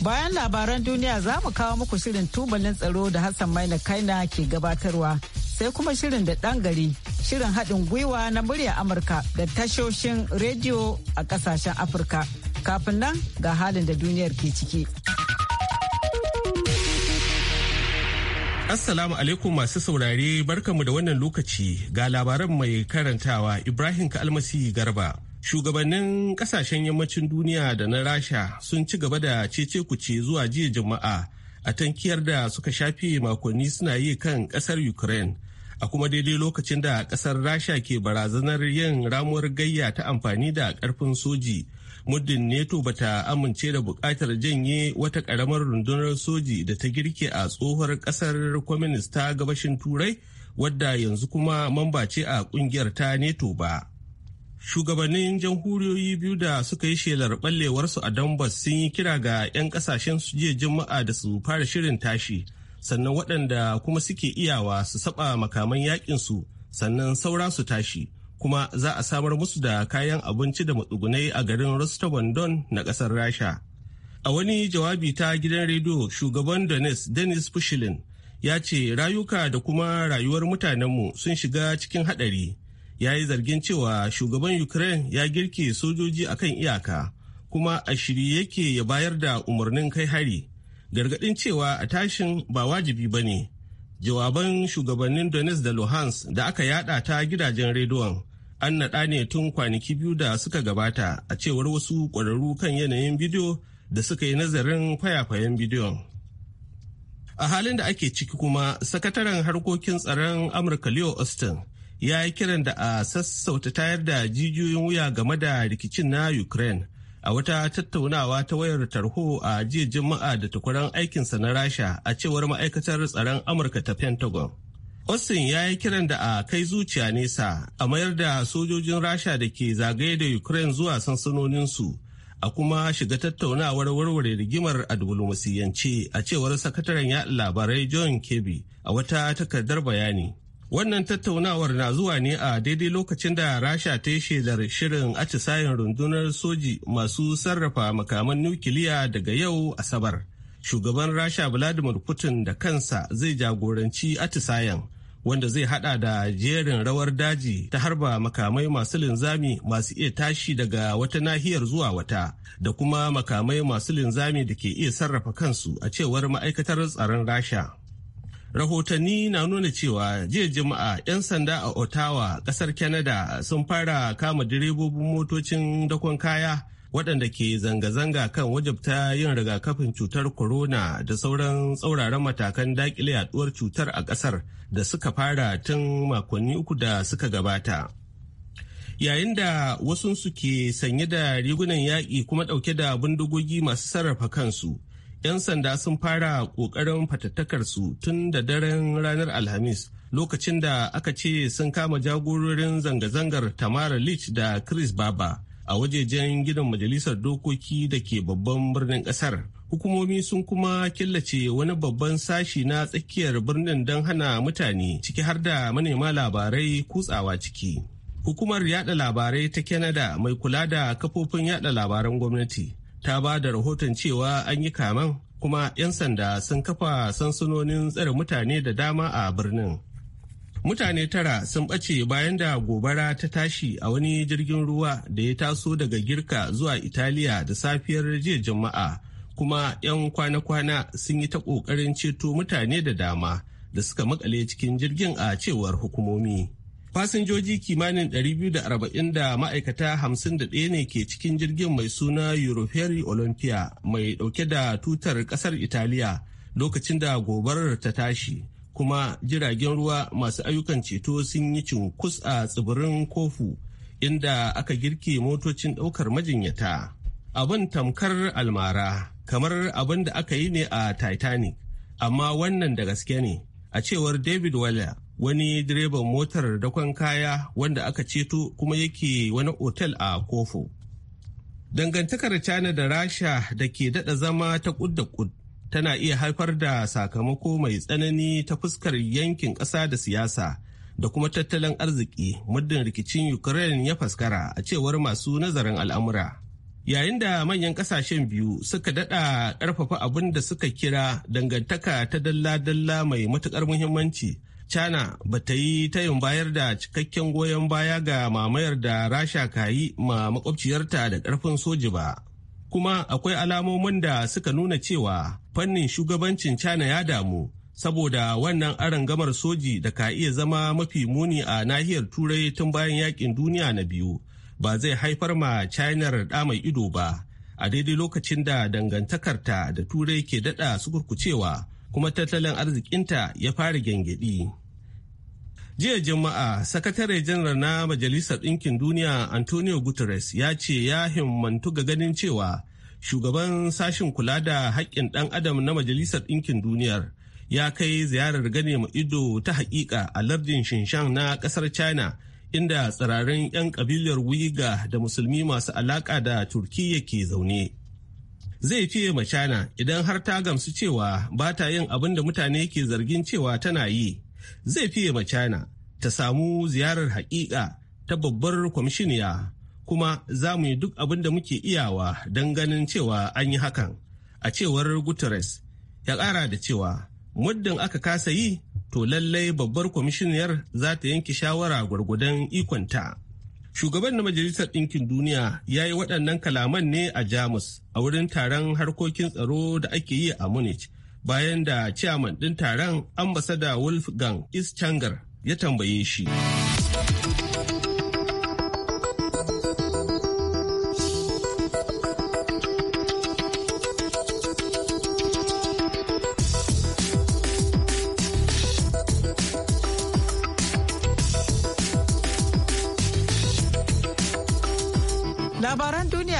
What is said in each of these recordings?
Bayan labaran duniya za mu kawo muku shirin tubalin tsaro da Hassan Maina Kaina ke gabatarwa sai kuma shirin da ɗan gari shirin haɗin gwiwa na murya Amurka da tashoshin rediyo a ƙasashen Afirka. Kafin nan ga halin da duniyar ke ciki. Assalamu alaikum masu saurare barkamu da wannan lokaci ga labaran mai karantawa Ibrahim Kalmasi Garba. Shugabannin kasashen yammacin duniya da na Rasha sun ci gaba da cece kuce zuwa jiya jama'a a tankiyar da suka shafe makonni suna yi kan kasar Ukraine. A kuma daidai lokacin da kasar Rasha ke barazanar yin ramuwar gayya ta amfani da karfin soji. muddin neto bata amince da bukatar janye wata karamar rundunar soji da ta girke a tsohuwar kasar communist gabashin turai wadda yanzu kuma mamba ce a kungiyar ta neto ba shugabannin jamhuriyoyi biyu da suka yi shelar ɓallewarsu a donbass sun yi kira ga 'yan kasashen su jiya juma'a da su fara shirin tashi sannan waɗanda kuma suke iyawa su saba makaman su sannan saura su tashi kuma za a samar musu da kayan abinci da matsugunai a garin rostovon don na ƙasar rasha a wani jawabi ta gidan rediyo shugaban donis denis pushilin ya ce rayuka da kuma rayuwar mutanenmu sun shiga cikin haɗari ya yi zargin cewa shugaban ukraine ya girke sojoji a kan iyaka kuma a shirye yake ya bayar da umarnin kai hari gargadin cewa a tashin ba wajibi ba ne jawaban shugabannin donetsk da luhansk da aka yada ta gidajen rediyon an naɗa ne tun kwanaki biyu da suka gabata a cewar wasu ƙwararru kan yanayin bidiyo da suka yi nazarin kwayafayen bidiyon a halin da ake ciki kuma sakataren harkokin tsaron amurka leo austin ya yi kiran da a sassauta tayar da jijiyoyin wuya game da rikicin na ukraine a wata tattaunawa ta wayar tarho a jiya juma'a da tukuran aikinsa na rasha a cewar ma'aikatar tsaron amurka ta pentagon austin ya yi kiran da a kai zuciya nesa a mayar da sojojin rasha da ke zagaye da ukraine zuwa sansanoninsu a kuma shiga tattaunawar warware rigimar a dubulmasiyance a cewar sakataren yaɗa labarai john kirby a wata takardar bayani Wannan tattaunawar na zuwa ne a daidai lokacin da Rasha ta yi shaidar shirin atisayen rundunar soji masu sarrafa makaman nukiliya daga yau Asabar. Shugaban Rasha Vladimir Putin da kansa zai jagoranci atisayen wanda zai hada da jerin rawar daji ta harba makamai masu linzami masu iya tashi daga wata nahiyar zuwa wata da kuma makamai masu linzami da ke iya sarrafa kansu a cewar ma'aikatar tsaron Rasha. rahotanni na nuna cewa jiya juma'a 'yan sanda a ottawa kasar canada sun fara kama direbobin motocin dakon kaya waɗanda ke zanga-zanga kan wajabta yin rigakafin cutar corona da sauran tsauraran matakan daƙile yaduwar cutar a ƙasar da suka fara tun makonni uku da suka gabata yayin da wasu suke sanye da rigunan yaƙi kuma ɗauke da bindigogi masu sarrafa kansu 'Yan sanda sun fara ƙoƙarin fatattakarsu tun da daren ranar Alhamis lokacin da aka ce sun kama jagororin zanga-zangar Tamara Leach da Chris Baba a wajejen gidan majalisar dokoki da ke babban birnin ƙasar. hukumomi sun kuma killace wani babban sashi na tsakiyar birnin don hana mutane ciki har da manema labarai kutsawa ciki. Hukumar yada labarai ta Canada mai kula da kafofin yada labaran gwamnati ta ba da rahoton cewa an yi kaman kuma 'yan sanda sun kafa sansanonin tsare mutane da dama a birnin. Mutane tara sun ɓace bayan da gobara ta tashi a wani jirgin ruwa da ya taso daga Girka zuwa Italiya da safiyar jiya jama'a kuma 'yan kwana-kwana sun yi ta ƙoƙarin ceto mutane da dama da suka makale cikin jirgin a cewar hukumomi. fasinjoji kimanin 240 da ma'aikata 51 ne ke cikin jirgin mai suna european olympia mai dauke da tutar kasar italiya lokacin da gobarar ta tashi kuma jiragen ruwa masu ayyukan ceto sun yi cunkus a tsibirin kofu inda aka girke motocin daukar majinyata abin tamkar almara kamar abin da aka yi ne a titanic amma wannan da gaske ne a cewar david Waller. wani direban motar dakon kaya wanda aka ceto kuma yake wani otel a kofo dangantakar china da rasha da ke dada zama ta kud da tana iya haifar da sakamako mai tsanani ta fuskar yankin ƙasa da siyasa da kuma tattalin arziki muddin rikicin ukraine ya faskara a cewar masu nazarin al'amura yayin da manyan ƙasashen biyu suka dada ƙarfafa abin da suka kira dangantaka ta dalla-dalla mai matukar muhimmanci china ba ta yi tayin bayar da cikakken goyon baya ga mamayar da rasha ka yi ma makwabciyarta da karfin soji ba kuma akwai alamomin da suka nuna cewa fannin shugabancin china ya damu saboda wannan gamar soji da ka iya zama mafi muni a nahiyar turai tun bayan yakin duniya na biyu ba zai haifar ma china da mai ido ba a daidai lokacin da dangantakarta da turai ke dada sukurkucewa kuma tattalin arzikinta ya fara gyangyaɗi. jiya juma'a sakatare janar na majalisar ɗinkin duniya antonio guterres ya ce ya himmantu ga ganin cewa shugaban sashin kula da haƙƙin ɗan adam na majalisar ɗinkin duniyar ya kai ziyarar gane mu ido ta haƙiƙa a lardin shinshan na ƙasar china inda tsirarin 'yan ƙabilar wiga da musulmi masu alaƙa da turkiyya ke zaune zai fiye ma China idan har ta gamsu cewa ba ta yin abin da mutane ke zargin cewa tana yi. Zai fiye ma China ta samu ziyarar haƙiƙa ta babbar kwamishiniya kuma za mu yi duk abin da muke iyawa don ganin cewa an yi hakan. A cewar Guterres ya ƙara da cewa muddin aka kasa yi to lallai babbar kwamishiniyar za ta yanke shawara gwargwadon ikonta. Shugaban na Majalisar Ɗinkin Duniya ya yi waɗannan kalaman ne a Jamus a wurin taron harkokin tsaro da ake yi a Munich bayan da ciyaman ɗin taron ambasada Wolfgang Ischanger ya tambaye shi.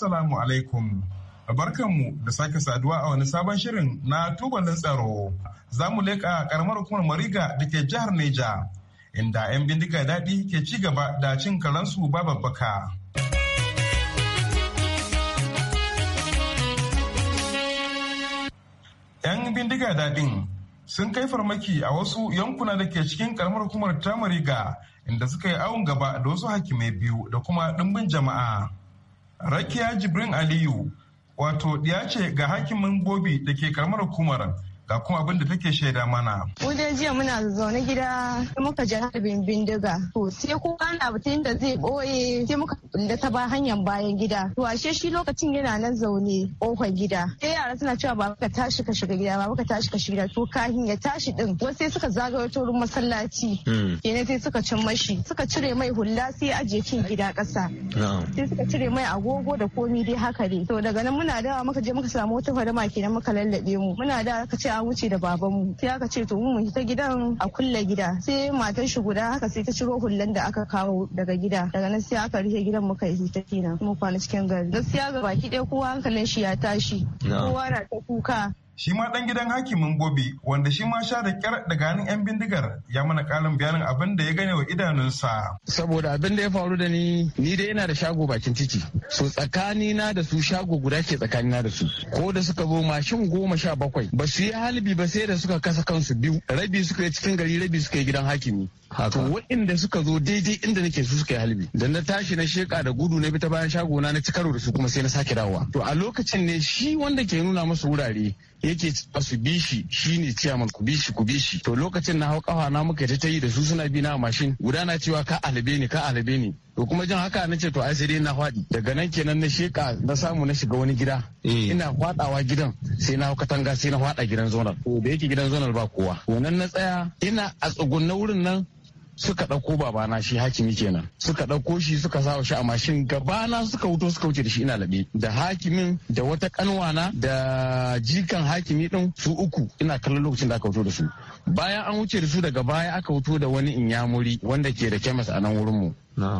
Assalamu alaikum. Barkanmu da sake saduwa a wani sabon shirin na tubalin tsaro. Za mu leƙa ƙaramar hukumar Mariga da ke jihar Neja, inda 'yan bindiga daɗi ke ci gaba da cin karansu ba babbaka. ‘Yan bindiga daɗin sun kai farmaki a wasu yankuna da ke cikin karamar hukumar ta Mariga, inda suka yi awon gaba da wasu hakimai biyu da kuma ɗimbin jama'a. Rakiya Jibrin Aliyu wato ɗiya ce ga hakimin Bobi da ke karamar hukumar ga kuma abin da take shaida mana. Mun dai jiya muna zaune gida sai muka ji harbin bindiga. To sai kuma ana batun da zai boye sai muka da ta ba hanyar bayan gida. To ashe shi lokacin yana nan zaune kofar gida. Sai yara suna cewa ba ka tashi ka shiga gida ba ka tashi ka shiga gida to kahin ya tashi din. Wasu sai suka zagayo wurin masallaci. Kenan hmm. sai suka cin mashi suka cire mai hulla sai ya ajiye cin gida kasa Sai suka cire mai agogo da komi dai haka dai. To daga nan muna dawa muka je muka samu wata fadama kenan muka lallabe mu. Muna da ka ce A wuce da babanmu sai aka ce to mu ta gidan a kulle gida sai matar shi guda haka sai ta ciro hullan da aka kawo daga gida daga nan sai aka rufe gidan muka yi ta kina mu kwana cikin gari gaskiya ga baki ɗaya kowa hankalin shi ya tashi kowa na ta kuka shi ma dan gidan hakimin gobe wanda shi ma sha da kyar daga hannun yan bindigar ya mana kalin bayanin abin da ya gane wa idanunsa saboda abin da ya faru da ni ni dai yana da shago bakin titi so tsakanina da su shago guda ke tsakanina da su ko da suka zo mashin goma sha bakwai ba su yi halibi ba sai da suka kasa kansu biyu rabi suka yi cikin gari rabi suka yi gidan hakimi to waɗanda suka zo daidai inda nake su suka yi halibi da na tashi na sheka da gudu na bi ta bayan shago na na ci karo da su kuma sai na sake dawowa to a lokacin ne shi wanda ke nuna musu wurare yake su bi shine ciyaman ku bi shi ku bi to lokacin na hau kafa na muka ta yi da su suna bi na mashin guda na cewa ka albe ni ka albe ni to kuma jin haka na ce to ai sai dai na faɗi daga nan kenan na sheka na samu na shiga wani gida eh. ina faɗawa gidan sai na hau katanga sai na fada gidan zonal to da yake gidan zonal ba kowa wannan na tsaya ina a tsugunna wurin nan suka ɗauko babana shi hakimi kenan suka ɗauko shi suka sa shi a mashin gabana suka wuto suka wuce da shi ina laɓe da hakimin da wata kanwana da jikan hakimi ɗin su uku ina kallon lokacin da aka wuto da su bayan an wuce da su daga baya aka wuto da wani inyamuri wanda ke da kemis a nan wurinmu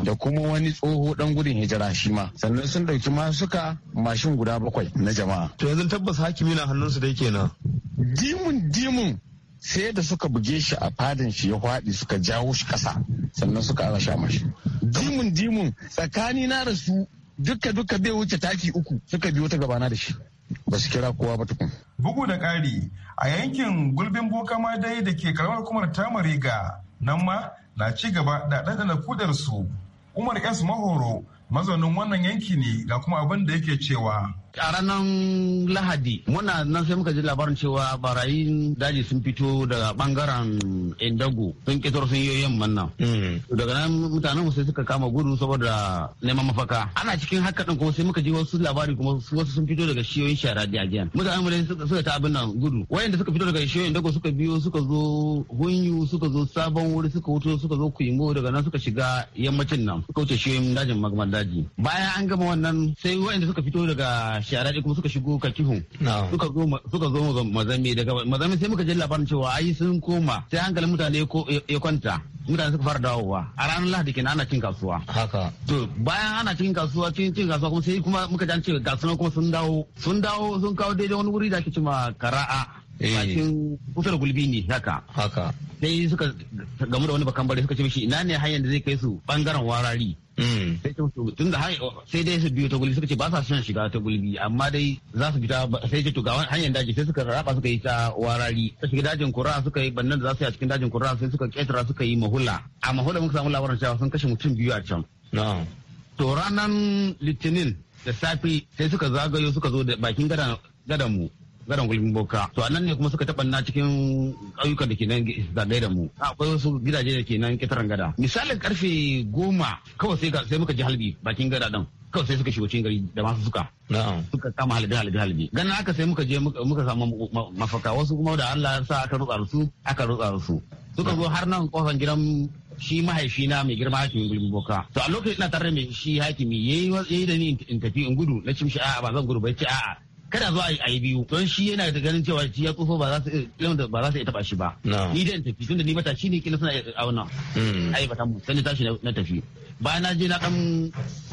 da kuma wani tsoho dan gudun hijira shi ma sannan sun ɗauki masuka mashin guda bakwai na jama'a to yanzu tabbas hakimi na hannunsu dai kenan dimun dimun sai da suka buge shi a fadin shi ya fadi suka jawo shi kasa sannan suka ara sha mashi dimun dimun tsakani na da su duka duka bai wuce taki uku suka biyo ta gabana da shi ba su kira kowa ba tukun. Bugu da ƙari a yankin gulbin boka ma dai da ke karamar hukumar tamariga nan ma na ci gaba da ɗanɗana kudar su. Umar S. Mahoro mazaunin wannan yanki ne ga kuma abin da yake cewa. a ranar lahadi muna nan sai muka ji labarin cewa barayin daji sun fito daga bangaren indago sun kitar sun yi yamman nan mm. daga nan mutanen sai suka kama gudu saboda neman mafaka ana cikin haka ɗin kuma sai muka ji wasu labari kuma wasu sun fito daga shiyoyin shara jiyan mutanen mulai suka ta abin nan gudu wayanda suka fito daga shiyoyin indago suka biyo suka zo hunyu suka zo sabon wuri suka wuto suka zo kuyimo daga nan suka shiga yammacin nan suka wuce shiyoyin dajin magmar daji bayan an gama wannan sai wayanda suka fito daga ne kuma suka shigo kakihun suka zo mazami daga mazami sai muka je labarin cewa ai sun koma sai hankalin mutane ya kwanta mutane suka fara dawowa a ranar lahadi kenan ana cin kasuwa haka to bayan ana cin kasuwa cin cin kasuwa kuma sai kuma muka ji an ce ga kuma sun dawo sun dawo sun kawo daidai wani wuri da ake cima kara'a Eh. bakin kusa da gulbi ne haka haka sai suka gamu da wani bakan bare suka ce mishi ina ne hanyar da zai kai su bangaren warari mm. sai ce tun da sai dai su biyo ta gulbi suka ce ba sa son shiga ta gulbi amma dai za su fita sai ce to ga hanyar daji sai suka raba suka yi ta warari ta shiga dajin kura suka yi bannan da za su yi a cikin dajin kura sai suka ketara suka yi mahula a mahula muka samu labarin cewa sun kashe mutum biyu a can to ranar litinin da safe sai suka zagayo suka zo da bakin gadan mu garan gulbin boka to anan ne kuma suka taɓa na cikin ƙauyukan da ke nan zagaye da mu akwai wasu gidaje da ke nan ƙetaren gada misalin karfe goma kawai sai muka ji halbi bakin gada ɗin kawai sai suka shigo cikin gari da masu suka suka kama halibi halibi halibi ganin haka sai muka je muka samu mafaka wasu kuma da Allah sa aka rutsa su aka rutsa su suka zo har nan kofan gidan shi mahaifi na mai girma hakimin gulbin boka to a lokacin ina tare mai shi hakimi yayi yayi da ni in tafi in gudu na cimshi a'a ba zan gudu ba yace a'a kada zo a yi biyu don shi yana da ganin cewa shi ya tsofa ba za su ba za su iya taba shi ba ni da tafi tunda ni shi ne kila suna a wannan hmm. ai ba mu sai tashi na tafi ba na je na dan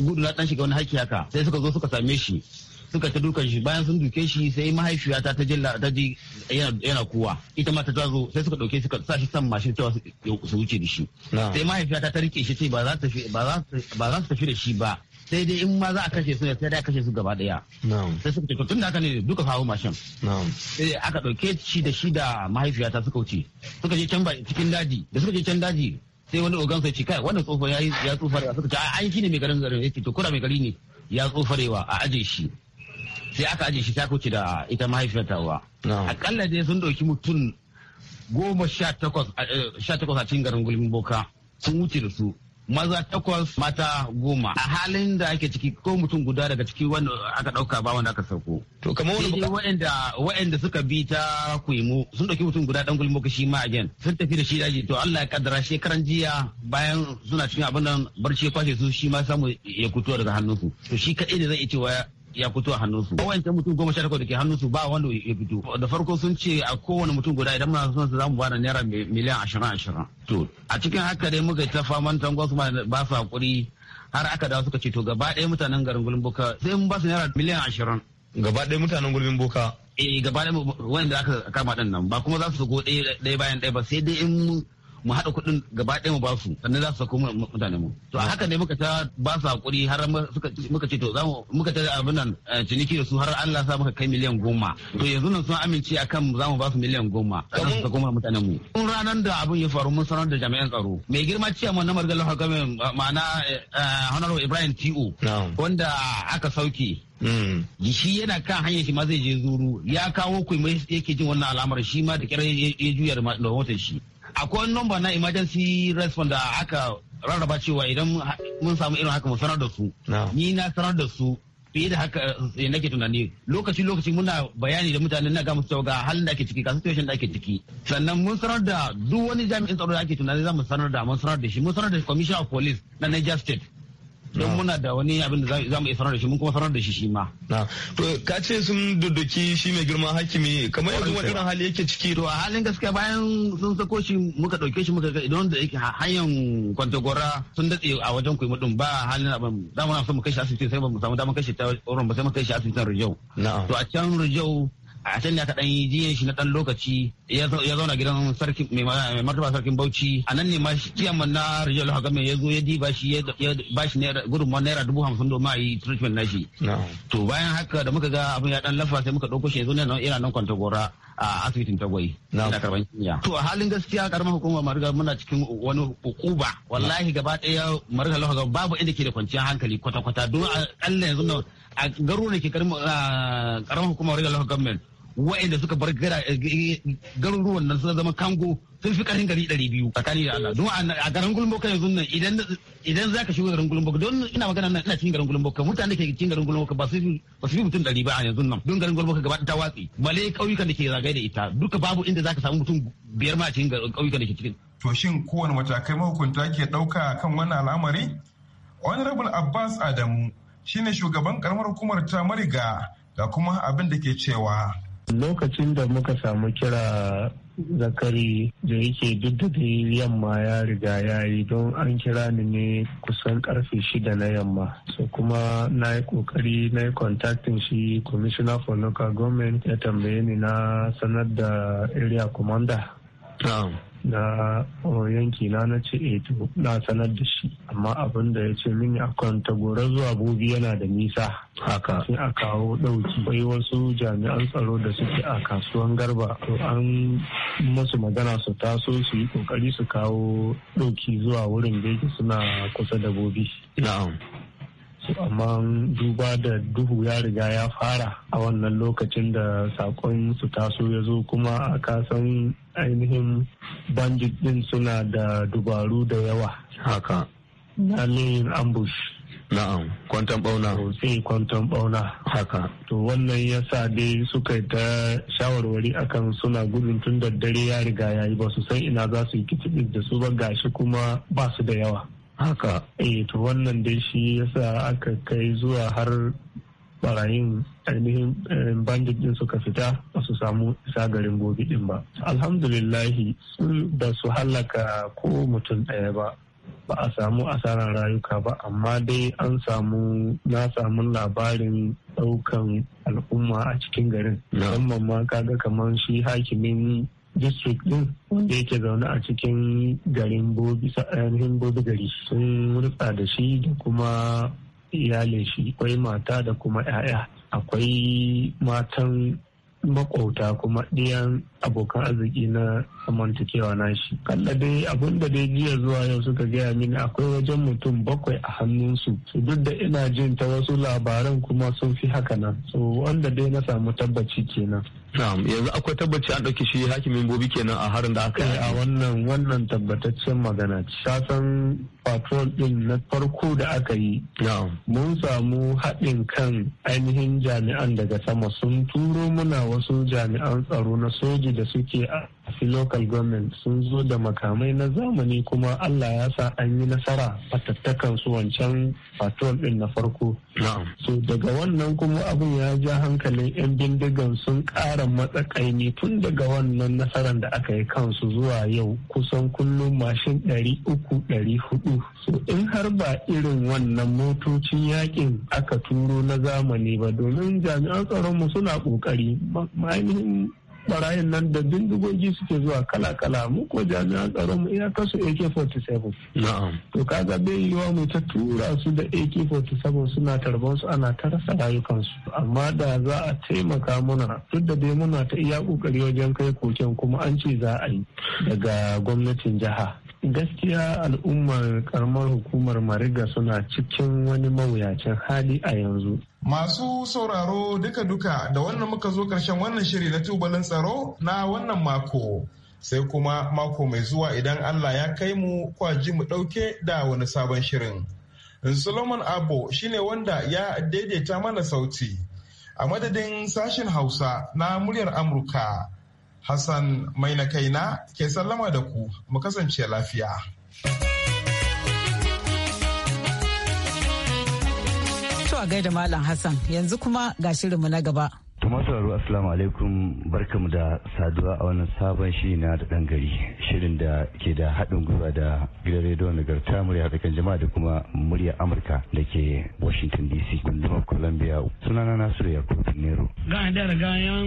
gudu na dan shiga wani haki haka sai suka zo suka same shi suka ta dukan shi bayan sun duke shi sai mahaifiyata ta jilla ta ji yana kuwa ita ma ta zo sai suka dauke suka sa shi san mashin cewa su wuce da shi sai mahaifiyata ta rike shi sai ba za su tafi da shi ba sai dai in ma za a kashe su ne sai dai a kashe su gaba daya sai suka ce tun da haka ne duka kawo mashin sai aka ɗauke shi da shi da mahaifiyata suka wuce suka je can cikin daji da suka je can daji sai wani ogan sai ce kai wannan tsofa ya ya tsofarewa suka ce ai shi ne mai garin garin yake to kura mai gari ne ya tsofarewa a aje shi sai aka aje shi ta kuce da ita mahaifiyata wa akalla dai sun ɗauki mutum goma sha takwas eh, a cikin garin gulmin boka sun wuce da su maza takwas mata goma a halin da ake ciki ko mutum guda daga ciki wanda aka dauka ba wanda aka sauko to kamar wani buka wa'anda wa'anda suka bi ta kuimu sun dauki mutum guda dan gulmo shi ma again sun tafi da shi daji to Allah ya kaddara shekaran jiya bayan suna cikin abin nan barci ya kwashe su shi ma samu ya kuto daga hannunsu to shi kadai ne zai iya cewa ya fito a hannunsu wancan mutum goma sha takwas da ke hannunsu ba wanda ya fito da farko sun ce a kowane mutum guda idan muna son su za mu bada naira miliyan ashirin ashirin to a cikin haka dai muka ta faman ma ba su hakuri har aka dawo suka ce to gaba ɗaya mutanen garin boka sai mun ba su naira miliyan ashirin gaba ɗaya mutanen gurbin boka eh gaba ɗaya wanda aka kama ɗin nan ba kuma za su go ɗaya bayan ɗaya ba sai dai in mu haɗa kuɗin gaba ɗaya mu ba su sannan za su sako mutane mu to a haka ne muka ta ba su hakuri har muka ce to zamu muka ta abin nan eh, ciniki da su har Allah sa muka kai miliyan goma to yanzu nan sun amince akan zamu ba su miliyan goma sannan su sako mutane mu tun ranar da abin ya faru mun sanar da jami'an tsaro mai girma mu na margalar hakamin ma'ana eh, honorable Ibrahim T.O. wanda aka sauke hmm. shi yana kan hanyar shi ma zai je zuru ya kawo kuwa yake jin wannan al'amar shi ma da kira ya juya da motar shi akwai wani nomba na emergency response da aka rarraba cewa idan mun samu irin haka mu sanar da su ni na sanar da su fiye da haka eh, nake tunani lokaci lokaci muna bayani da mutane na gamu cewa ga halin da ake ciki ga situation da ake ciki sannan mun sanar da duk wani jami'in tsaro da ake tunani za mu sanar da mun sanar da shi mun sanar da commissioner of police na Niger state don muna da wani abin da za mu iya sanar da shi mun kuma sanar da shi shi ma. to ka ce sun dudduki shi mai girman hakimi kamar yanzu wani irin hali yake ciki. to a halin gaskiya bayan sun sako shi muka ɗauke shi muka ga idan da yake hanyar kwantagora sun datse a wajen kuyi mutum ba halin abin da na so mu kai shi asibiti sai ba mu samu damar kai shi ta wurin ba sai mu kai shi asibitin rijau. to a can rijau a can ne aka dan yi jiyan shi na dan lokaci ya zauna gidan sarki mai martaba sarkin Bauchi a nan ne ma ciyaman na Rijal Hakame ya zo ya ba shi ya ba shi gudunmawar naira dubu hamsin domin a yi treatment na shi. To bayan haka da muka ga abin ya dan lafa sai muka ɗauko shi ya zo yana nan kwanta gora a asibitin Tagwai. Ina karban jinya. To a halin gaskiya karamar hukumar Mariga muna cikin wani hukuba wallahi gaba daya Mariga Lahaga babu inda ke da kwanciyar hankali kwata-kwata don a yanzu a ne ke karamar hukumar wajen local government wa'anda suka bar eh, garuruwan nan suna zama kango sun fi karin gari ɗari biyu tsakani da Allah don a garin gulmboka yanzu nan idan za ka shigo garin gulmboka don ina magana nan ina cikin garin gulmboka mutane ke cikin garin gulmboka ba su fi mutum ɗari ba a yanzu nan don garin gulmboka gaba ta watsi male kauyukan da ke zagaye da ita duka babu inda za ka samu mutum biyar ma a cikin kauyukan da ke cikin. to shin kowane matakai mahukunta ke ɗauka kan wannan al'amari? rabin abbas adamu shine shugaban karamar hukumar ta mariga ga kuma abin da ke cewa lokacin da muka samu kira zakari da yake duk da dai yamma ya riga ya yi don an kira ni ne kusan karfe shida na yamma so kuma na yi kokari na yi kontaktin shi commissioner for local government ya tambaye ni na sanar da area commander na yanki na na ce eh to na sanar da shi amma abin da ya ce mini akan tagora zuwa bobi yana da nisa haka sai a kawo dauki akwai wasu jami'an tsaro da suke a kasuwan garba to an musu magana su taso su yi kokari su kawo dauki zuwa wurin da yake suna kusa da bobi na'am amma duba da duhu ya riga ya fara a wannan lokacin da sakon su taso ya zo kuma a kasan ainihin bandit din suna da dubaru da yawa haka na ambush Na'am, kwantan bauna. Sai kwantan bauna. Haka. To wannan ya sa dai suka yi ta shawarwari akan suna gudun tun daddare ya riga ya yi ba su san ina za su yi kicibis da su ba gashi kuma ba su da yawa. haka eh to wannan dai shi yasa aka kai zuwa har barayin ainihin eh, bandit din suka fita ba su samu isa garin gobe din ba alhamdulillahi ba su halaka ko mutum ɗaya ba ba a samu asarar rayuka ba amma dai an samu na samu labarin ɗaukan al'umma a cikin garin musamman ma kaga kamar shi hakimin district din wanda mm. yake zaune a cikin garin bobi ainihin bobi gari sun rutsa da shi da kuma iyalin shi akwai mata da kuma 'ya'ya akwai matan makwauta kuma ɗiyan abokan arziki na zamantakewa na shi kalla dai abin da dai jiya zuwa yau suka gaya mini akwai wajen mutum bakwai a hannunsu su duk da ina jin ta wasu labaran kuma sun fi haka nan so wanda dai na samu tabbaci kenan Na'am yanzu akwai tabbaci an ɗauki shi hakimin bobi kenan a harin da aka eh, yi. A wannan wannan tabbataccen magana ta san patrol ɗin na farko da aka yi. Mun samu haɗin kan ainihin jami'an daga sama sun turo muna wasu jami'an tsaro na soja soji da suke a local government sun zo da makamai na zamani kuma allah ya sa an yi nasara fatattakan su wancan patrol din na farko so daga wannan kuma abin ya ja hankalin 'yan bindigan sun ƙara matsakaini tun daga wannan nasarar da aka yi kansu zuwa yau kusan kullum mashin 300-400 so in har ba irin wannan motocin yakin aka turo na zamani ba domin jami'an tsaronmu suna ƙoƙari barayin nan da bindigogi suke zuwa kala-kala mu ko jami'an tsaro mu iyakar su AK47. To kaga bai yiwa mu ta tura su da AK47 suna tarban su ana ta rayukansu. Amma da za a taimaka muna duk da dai muna ta iya kokari wajen kai koken kuma an ce za a yi daga gwamnatin jiha. gaskiya al'ummar karamar hukumar mariga suna cikin wani mawuyacin hali a yanzu masu sauraro duka-duka da wannan muka zo karshen wannan shiri na tubalin tsaro na wannan mako sai kuma mako mai zuwa idan allah ya kai mu kwaji mu ɗauke da wani sabon shirin solomon abo shine wanda ya daidaita mana sauti a madadin sashen hausa na muryar amurka Hassan mai na kaina ke sallama da ku mu kasance lafiya. a gaida Malam Hassan yanzu kuma ga shirinmu na gaba. Tuma sauraro Assalamu alaikum barkamu da saduwa a wannan sabon shiri na da ɗan gari shirin da ke da haɗin gwiwa da gidan rediyon nagarta murya haɗakan jama'a da kuma murya Amurka da ke Washington DC gundumar Columbia sunana Nasiru Yakubu Nero. Ga da gayan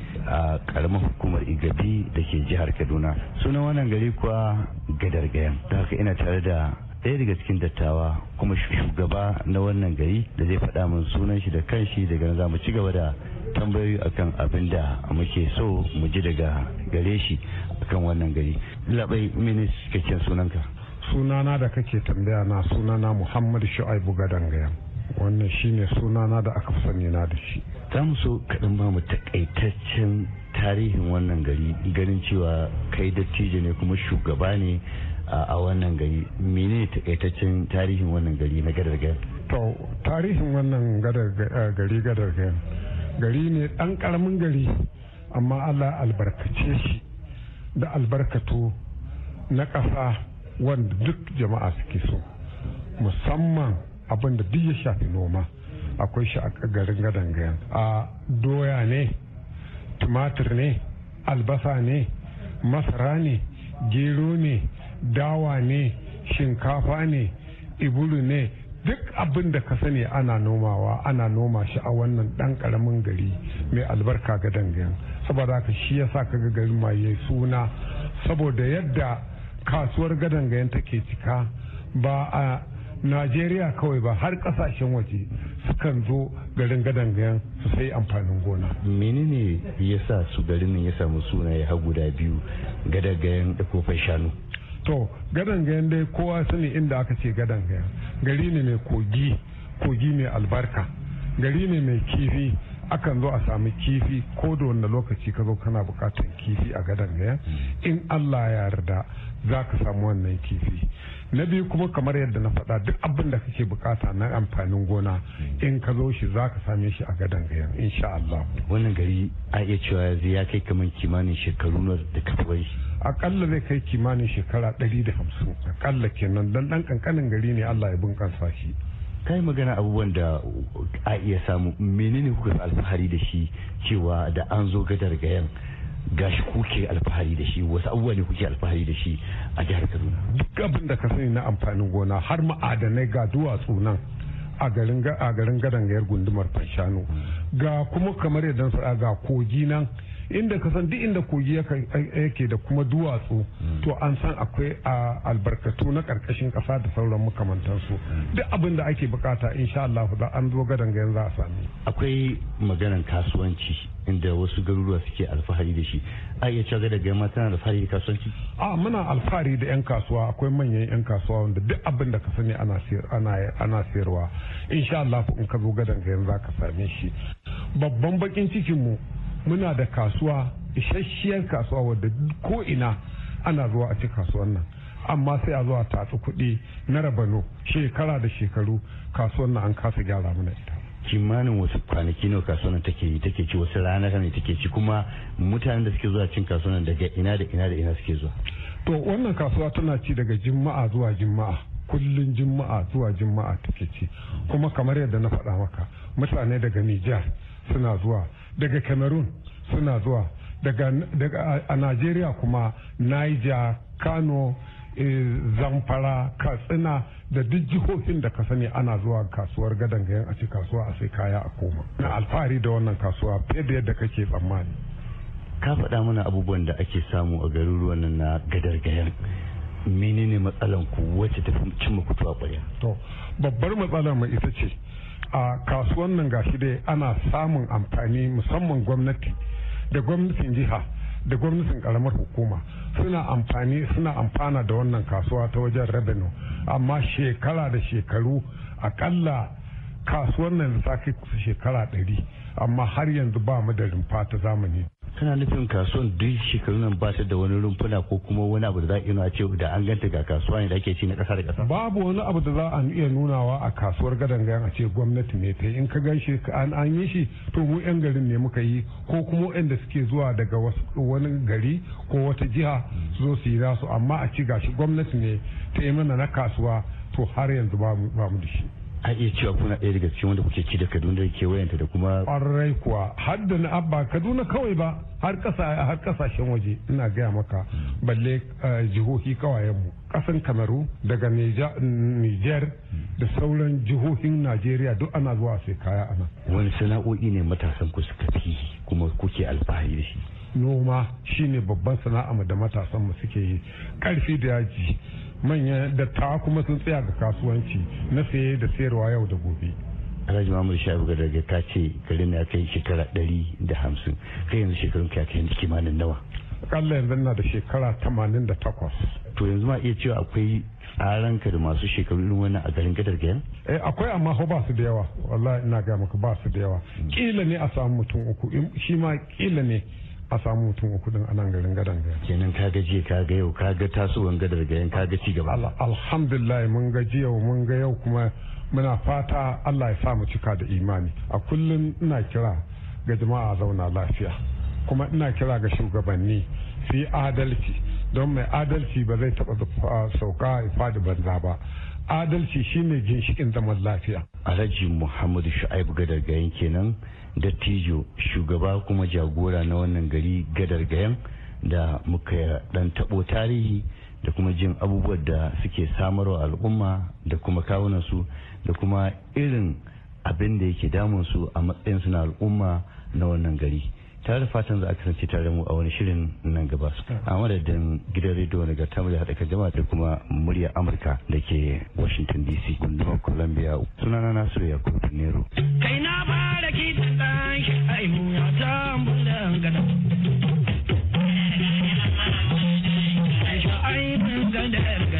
a karamar hukumar igabi da ke jihar kaduna sunan wannan gari kuwa gadar gayan ta haka ina tare da ɗaya daga cikin dattawa kuma shugaba na wannan gari da zai faɗa min sunan shi da kanshi daga nan za mu ci gaba da tambayoyi akan abin da muke so mu ji daga gare shi akan wannan gari labai minis cikakken sunanka sunana da kake tambaya na sunana muhammad shu'aibu gadangayan wannan shine na da aka sani na da shi za mu so kaɗan ba mu takaitaccen tarihin wannan gari ganin cewa kai dattijo ne kuma shugaba ne a wannan gari mene takaitaccen tarihin wannan gari na gari. to tarihin wannan eh, gari gadar gari ne ɗan ƙaramin gari amma allah albarkace shi da albarkatu na ƙasa wanda duk jama'a suke so musamman abin da duk ya shafi noma akwai shi a garin gadon gayan a doya ne tumatir ne albasa ne masara ne gero ne dawa ne shinkafa ne ibulu ne duk abin da ka sani ana nomawa ana noma shi a wannan dan karamin gari mai albarka ga dangayen saboda ka shi yasa ga garin ma ya suna saboda yadda kasuwar gadangayen take cika ba a najeriya kawai ba har kasashen waje sukan zo garin gayan su sai amfanin gona menene ya sa su garin ya samu sunaye har guda biyu gayan da kofar shanu to gayan dai kowa sani inda aka ce gayan. gari ne mai kogi kogi mai albarka gari ne mai kifi akan zo a sami kifi ko da wanda lokaci ka zo kana bukatar kifi a gadan gayan hmm. in allah ya yarda za ka samu wannan kifi na biyu kuma kamar yadda na faɗa duk abin da kake bukata na amfanin gona in ka zo shi za ka same shi a gadon gayan insha Allah wannan gari a iya cewa ya kai kamar kimanin shekaru na da ka bai akalla zai kai kimanin shekara ɗari da hamsin akalla kenan dan ɗan kankanin gari ne Allah ya bunkasa shi ka magana abubuwan da a iya samu menene kuka alfahari da shi cewa da an zo gadar gayan gashi kuke alfahari da shi wasu abubuwa ne kuke alfahari da shi a jihar kaduna duk abin da ka sani na amfanin gona har ma'adanai ga duwatsu nan a garin gayar gundumar fanshano ga kuma kamar yadda ga kogi nan inda ka san duk inda kogi yake da kuma duwatsu to an san akwai albarkatu na karkashin kasa da sauran makamantansu duk abin da ake bukata insha Allah da an zo gadan gayan za a sami akwai maganan kasuwanci inda wasu garuruwa suke alfahari da shi a iya cewa da gama tana da da kasuwanci a muna alfahari da yan kasuwa akwai manyan yan kasuwa wanda duk abin da ka sani ana ana ana sayarwa insha Allah in ka zo gadan gayan za ka same shi babban bakin cikin mu muna da kasuwa isasshiyar kasuwa wadda ko ina ana zuwa a ci kasuwan nan amma sai a zo a tatsi kuɗi na rabano shekara da shekaru kasuwan nan an kasa gyara mana ita kimanin wasu kwanaki ne kasuwan take yi take ci wasu ranar ne take ci kuma mutanen da suke zuwa cin kasuwan daga ina da ina da ina suke zuwa to wannan kasuwa tana ci daga juma'a zuwa juma'a kullun juma'a zuwa juma'a take ci kuma kamar yadda na faɗa maka mutane daga Nijar suna zuwa daga cameroon suna zuwa daga a najeriya kuma niger kano eh, zamfara katsina da duk jihohin da ka sani ana zuwa kasuwar gadon gayan a ce kasuwa a sai kaya a koma na alfahari da wannan kasuwa fiye da yadda kake tsammani ka faɗa mana abubuwan da ake samu a garuruwan nan na gadar gayan menene matsalan ku wacce ta cimma kutuwa a to babbar matsala mai ita ce a kasuwan nan gashi dai ana samun amfani musamman gwamnati da gwamnatin jiha da gwamnatin karamar hukuma suna amfani suna amfana da wannan kasuwa ta wajen revenue amma shekara da shekaru akalla kasuwan nan ta kai kusa shekara ɗari amma har yanzu ba mu da rumfa ta zamani kana nufin kasuwan duk shekaru nan ba da wani rumfuna ko kuma wani abu da za a iya ce da an ganta ga kasuwa ne da ake ci na kasa da kasa babu wani abu da za a iya nunawa a kasuwar gadan gayan a ce gwamnati ne ta in ka gan shi an an yi shi to mu yan garin ne muka yi ko kuma waɗanda suke zuwa daga wani gari ko wata jiha su zo su yi nasu amma a ci gashi gwamnati ne ta yi mana na kasuwa to har yanzu ba mu da shi a iya cewa kuna ɗaya daga cikin wanda kuke ci da kaduna da kewayenta da kuma ƙwarai kuwa har da abba kaduna kawai ba har har ƙasashen waje ina gaya maka balle eh, jihohi mu ƙasan kamaru daga niger da sauran jihohin najeriya duk ana zuwa sai kaya ana wani sana'o'i ne matasan ku suka fi kuma kuke alfahari da shi noma shine babban sana'a da matasan mu suke yi karfi da yaji manyan dattawa kuma sun tsaya ga kasuwanci na saye da sayarwa yau da gobe alhaji mamadu shabu ga daga ta ce garin na kai shekara ɗari da hamsin kai yanzu shekarun ka kai yanzu kimanin nawa akalla yanzu na da shekara tamanin da takwas to yanzu ma iya cewa akwai ka da masu shekaru irin wannan a garin gadar gayan eh akwai amma ho ba su da yawa wallahi ina ga maka ba su da yawa hmm. kila ne a samu mutum uku shi ma kila ne a samu mutum uku din a garin gadan gaya kenan ka ga jiya ka ga yau ka ga tasowar gadar gayan ka ga ci gaba alhamdulillah mun ga jiya mun ga yau kuma muna fata Allah ya sa mu cika da imani a kullum ina kira ga jama'a zauna lafiya kuma ina kira ga shugabanni su adalci don mai adalci ba zai taɓa sauka ya fadi banza ba adalci shine ginshikin zaman lafiya alhaji muhammadu shu'aibu gadar gayan kenan dattijo shugaba kuma jagora na wannan gari gadar gayan da muka dan tabo tarihi da kuma jin abubuwan da suke samarwa al'umma da kuma kawunansu da kuma irin abin da yake damunsu a matsayinsu na al'umma na wannan gari tare fatan za a kasance tare mu a wani shirin nan gaba a madadin gidan rediyo na ga murya haɗa jama'a da kuma murya amurka da ke washington dc gundumar columbia sunana nasiru kudu nero kai na fara kita Yeah.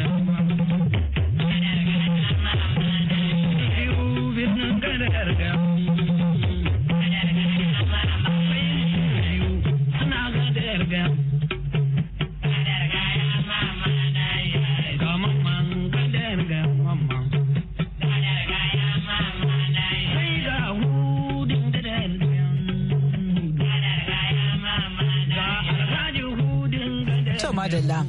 madalla.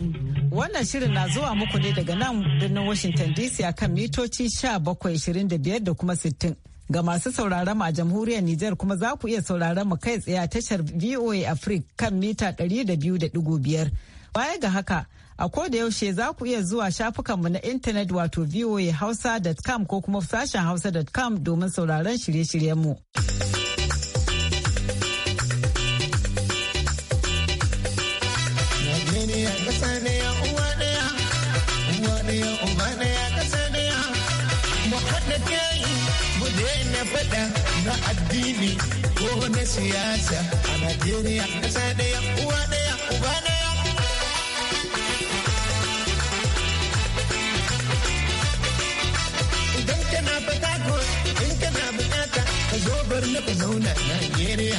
Wannan shirin na zuwa muku ne daga nan birnin Washington DC a kan mitoci 1725 da kuma sittin Ga masu sauraron a jamhuriyar Nijar kuma za ku iya sauraron mu kai tsaye tashar VOA Africa kan mita ɗari da da biyu biyar. Baya ga haka, a ko da yaushe za ku iya zuwa shafukanmu na intanet wato voahausa.com ko kuma sashen hausa.com domin sauraron shirye-shiryenmu. mu. addini ko na siyasa a Najeriya ƙasa ɗaya uwa ɗaya uba ɗaya. Idan kana fata ko in kana bukata ka zo bar na ku zauna Najeriya